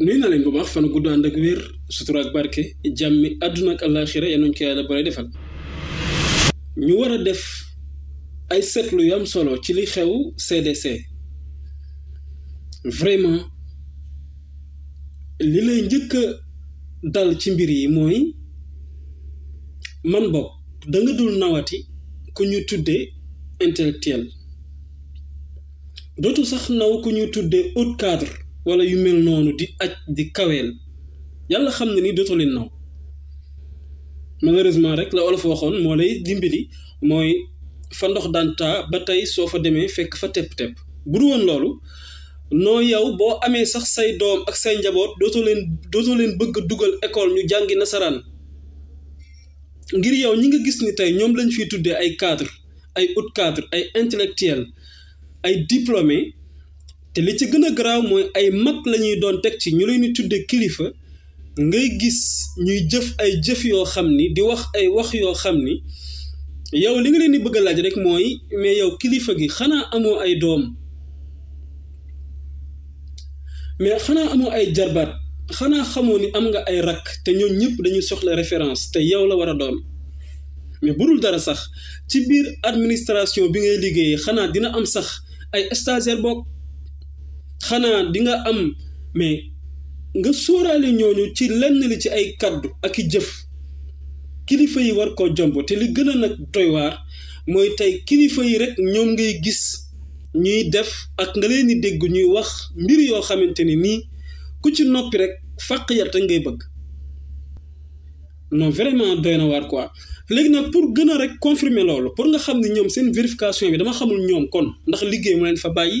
Nous, na leen bu baax fan gudd ànd ak wér sutura ak barke jàmmi àdduna ak àllaaxira yal ko yàlla ñu def ay seetlu solo ci li xew CDC vraiment li lay njëkk dal ci mbir yi mooy man bokk da nga dul nawati ku ñu intellectuel sax haut wala yu mel noonu di aj di kaweel yàlla xam ne ni dootu leen naw malheureusement rek la olof waxoon moo lay dimbali mooy fa ndox daan taa ba tey soo fa demee fekk fa tepp-tepp bu woon loolu noo yow boo amee sax say doom ak say njaboot dootoo leen dootoo leen bëgg dugal école ñu jàngi nasaraan ngir yow ñi nga gis ni tey ñoom lañ fiy tuddee ay cadre ay haut cadre ay intellectuel ay diplômé li ci gën a garaaw mooy ay mag la ñuy doon teg ci ñu leen di tudde kilifa ngay gis ñuy jëf ay jëf yoo xam ni di wax ay wax yoo xam ni yow li nga leen di bëgg a laaj rek mooy mais yow kilifa gi xanaa amoo ay doom mais xanaa amoo ay jarbaat xanaa xamoo ni am nga ay rakk te ñoom ñëpp dañuy soxla référence te yow la war a doon mais bu dul dara sax ci biir administration bi ngay liggéeyee xanaa dina am sax ay stagiaire bokk xanaa dinga am mais nga sóoraale ñooñu ci lenn li ci ay kàddu ak i jëf kilifa yi war koo jomb te li gën a nag doy waar mooy tey kilifa yi rek ñoom ngay gis ñuy def ak nga leen di dégg ñuy wax mbir yoo xamante ni nii ku ci noppi rek fàq yarta ngay bëgg non vraiment doy na waar quoi léegi nag pour gën a rek confirmer loolu pour nga xam ne ñoom seen vérification bi dama xamul ñoom kon ndax liggéey mu leen fa bàyyi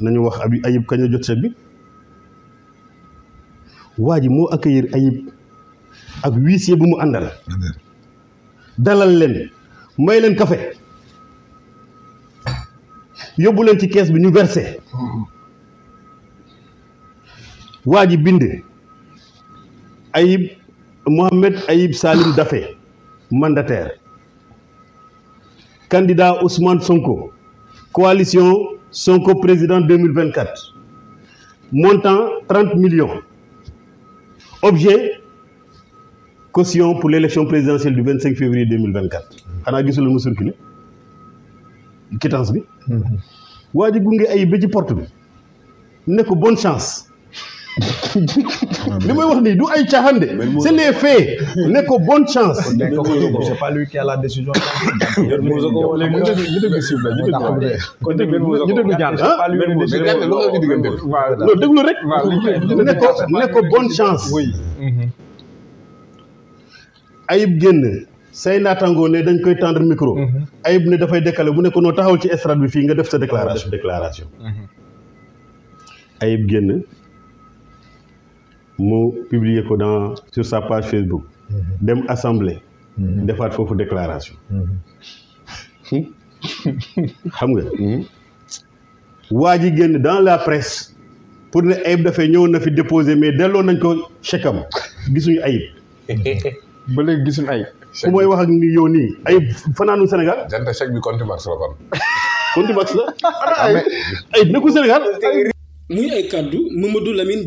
nañu wax ab ayib kañ a jot chèque bi waa ji moo accueillir ayib ak huissier bu mu àndal dalal leen may leen kafe yóbbu leen ci kees bi ñu versé waa ji bind ayib Mohamed Ayib Salim Daffé mandataire candidat Ousmane Sonko coalition son co-président 2024, montant 30 millions. Objet, caution pour l'élection présidentielle du 25 février 2024. Il gisul mu circulé quittance bi. Mhm. waa ji bonne chance. li may wax nii du ay caaxaan de c'est les faits ne ko bonne chance. c'est pas lui qui a la décision. déglu rek. ne ko ne ko bonne chance. ayib génn. say naataangoo ne dañ koy tendre micro. ayib ne dafay décaler bu ne ko noo taxaw ci estrade bi fii nga def sa déclaration. déclaration. ayib génn. mu publier ko dans sur sa page Facebook. Mhm. dem assemblée. Mhm. defaat une déclaration. Mhm. xam nga. dans la presse pour ne Ayib déposer mais nañ ko Ayib. ba wax ak ni Sénégal. chèque bi max la max la. Sénégal. muy ay Mamadou Lamine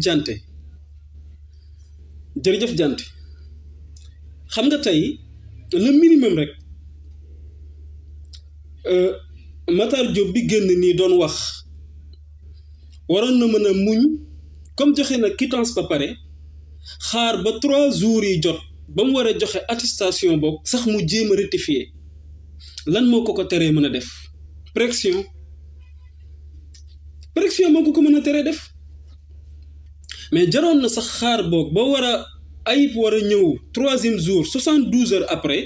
jërëjëf jant xam nga tey le minimum rek euh, Matar Diop bi génn nii doon wax waroon na mën a muñ comme joxe na quittance ba pare xaar ba trois jours yi jot ba mu war a joxe attestation boog sax mu jéem a rectifier lan moo ko ko teree mën a def pression pression moo ko ko mën a teree def mais jaroon na sax xaar boog ba war a ayib war a ñëw troisième jour soixante douze heures après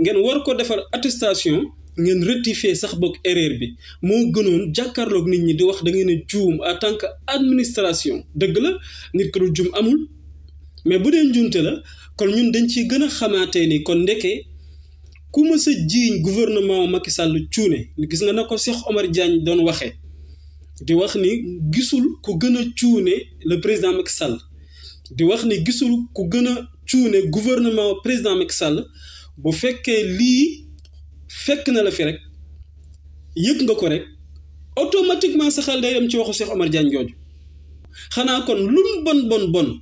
ngeen war ko defal attestation ngeen rectifier sax boog erreur bi moo gënoon jàkkaarloog nit ñi di wax da ngeen a juum en tant que administration dëgg la nit ko du juum amul mais bu dee njuumte la kon ñun dañ ciy gën a xamaatee ni kon ndeke ku mës a jiiñ gouvernement Macky sàll cuune gis nga ne ko Cheikh Omar Diagne doon waxee di wax ni gisul ku gën a cuune le président Macky Sall di wax ni gisul ku gën a cuune gouvernement président Macky sàll bu fekkee lii fekk na la fi rek yëg nga ko rek automatiquement sa xel day dem ci waxu Cheikh Omar Diagne xanaa kon lu bon bon bon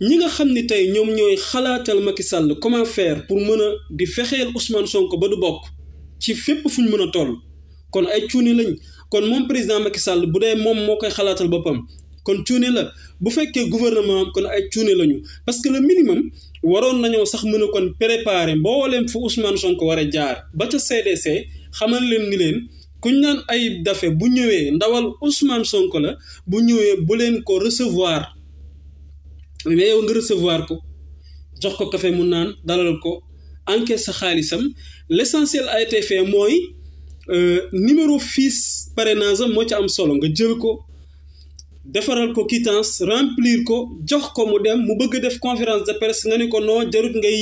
ñi nga xam ni tey ñoom ñooy xalaatal Macky Sall comment faire pour mën a di fexeel Ousmane Sonko ba du bokk ci fépp fu ñu mën a toll kon ay cuune lañ. kon moom président Macky Sall bu dee moom moo koy xalaatal boppam kon cuune la bu fekkee gouvernement qu'on kon ay cuune lañu parce que le minimum waron nañoo sax mën a kon préparer mbooleem fu Ousmane Sonko war a jaar ba ca CDC xamal leen ni leen kuñ naan Ayib Daffé bu ñëwee ndawal Ousmane Sonko la bu ñëwee bu leen ko recevoir mais yow nga recevoir ko jox ko café mu naan dalal ko encaisse sa xaalisam l'essentiel a été fait mooy. Euh, numéro fiche parrainage am moo ci am solo nga jël ko defaral ko quittance remplir ko jox ko mu dem mu bëgg def conférence de presse nga ne ko noo jarut ngay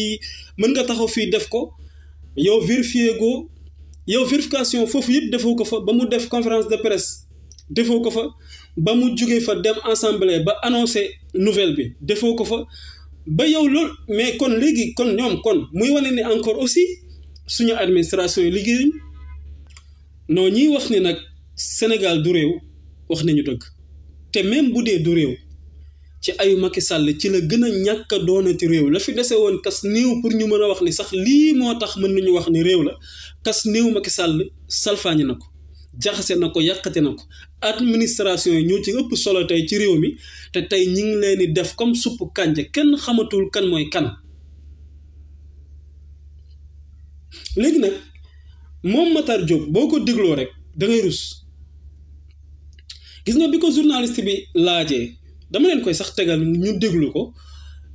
mën nga taxaw fii def ko yow vérifier go yow vérification foofu yëpp defoo ko fa ba mu def conférence de presse defoo ko fa ba mu jógee fa dem assemblée ba annoncé nouvelle bi defoo ko fa ba yow loolu mais kon léegi kon ñoom kon muy wane ni encore aussi suñu administration yi liggéeyuñ non ñiy wax ne nag Sénégal du réew wax nañu dëgg te même bu dee du réew ci ayu Macky sàll ci la gën a ñàkk a doonati réew lafi fi dese woon kas néew pour ñu mën a wax ni sax lii moo tax mën nañu wax ni réew la kas néew Macky sàll salfaañi na ko jaxase na ko yàqate na ko administration yi ñu ci ëpp solo tey ci réew mi te tey ñi ngi leen di def comme supp kànja kenn xamatul kan mooy kan léegi nag. moom Matar job boo ko dégloo rek da ngay rus gis nga bi ko journaliste bi laajee dama leen koy sax tegal ñu déglu ko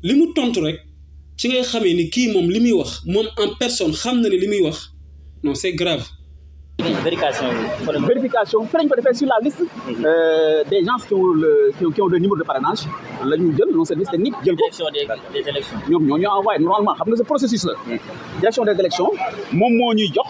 li mu tontu rek ci ngay xamee ni kii moom li muy wax moom en personne xam na ne li muy wax non c'est grave. vérification vérification fa lañ ko defee sur la liste. Euh, des gens qui ont le qui ont le numéro de parrainage la ñu jël non service technique jël ko. direction des élections ñoom ñoo ñu envoyé normalement xam nga ce processus la. Mm. direction des élections moom moo ñuy jox.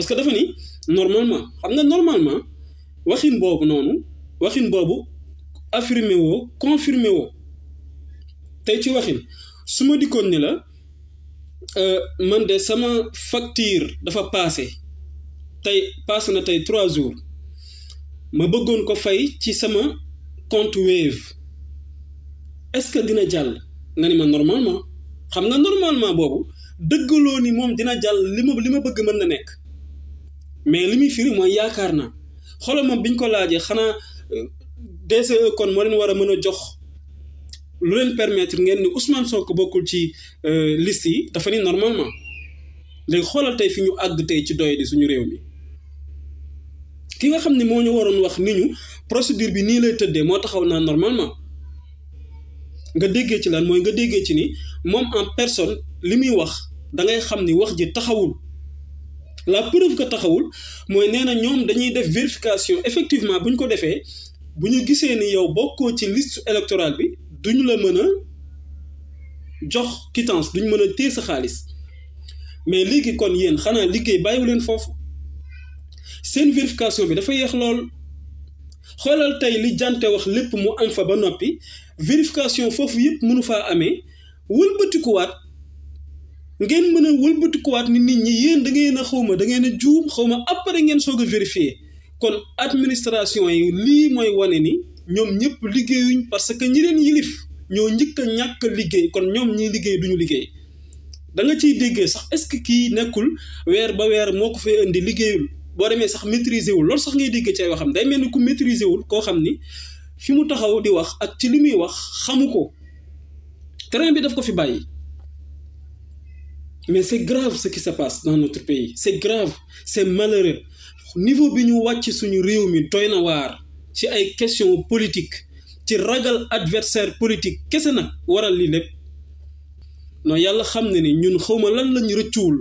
parce que dafa ni normalement normalement waxin boobu noonu waxin boobu affirmé ci ni la euh, de facture dafa passé. na trois jours ma bëggoon ko fay ci sama compte Wave est-ce que dina normalement normalement boobu dëggaloo ni moom dina jàll mën mais limi firi mo yakarna xolam mom biñ ko laaje xana euh, DCE kon mo len wara meuna jox lu len permettre ngeen ni Ousmane Sonko bokul ci euh, liste yi dafa ni normalement leg xolal tay fiñu ag tay ci doy di suñu rew mi ki nga xamni mo ñu waron wax niñu ñu procédure bi ni lay tëddee mo taxaw na normalement nga déggé ci lan moy nga déggé ci ni mom en personne limi wax da ngay xamni wax ji taxawul. la preuve que taxawul moy nee ñom dañuy def vérification effectivement buñ ko defee buñu ñu ni yow bokko ci liste électorale bi duñu la mëna jox quittance duñu mëna a sa xaalis mais léegi kon yeen xana liggéey bàyyiwu leen foofu seen vérification bi dafa yéex lool xoolal tey li jante wax lépp mu am fa ba noppi vérification foofu yëpp mënu faa amee wëlbatikuwaat ngeen mën a wëlbatikuwaat ni nit ñi yéen da ngeen a ma da ngeen a juum ma après ngeen soog a vérifier kon administration yi lii mooy wane ni ñoom ñëpp liggéeyuñ parce que ñi leen yilif ñoo njëkk a ñàkk liggéey kon ñoom ñiy liggéey duñu liggéey da nga ciy déggee sax est ce que kii nekkul weer ba weer moo ko fay indi liggéeyul boo demee sax maitriser wul loolu sax ngay déggee ci ay waxam day mel ni ku maitriser wul koo xam ni fi mu taxaw di wax ak ci li muy wax xamu ko terrain bi daf ko fi bàyyi mais c'est grave ce qui se passe dans notre pays c'est grave c'est malheureux niveau bi ñu wàcc suñu réew mi doy na waar ci ay question politique ci ragal adversaire politique kese nag waral li lépp non yàlla xam na ni ñun xawma lan lañu rëccuwul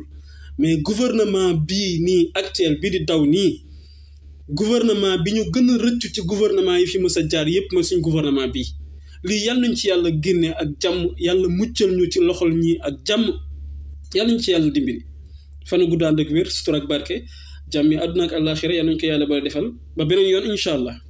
mais gouvernement bi nii actuel bi di daw nii gouvernement bi ñu gën a rëccu ci gouvernement yi fi mës a jaar yépp ma suñ gouvernement bii lii yàlla nañ ci yàlla génne ak jàmm yàlla muccal ñu ci loxol ñi ak jàmm yàlla ñu ci yàlla dimbali fan gudd ànd ak wér sutura ak barke jàmmi àdduna ak àllaaxira yàlla ñu ko yàlla bari defal ba beneen yoon incha allah.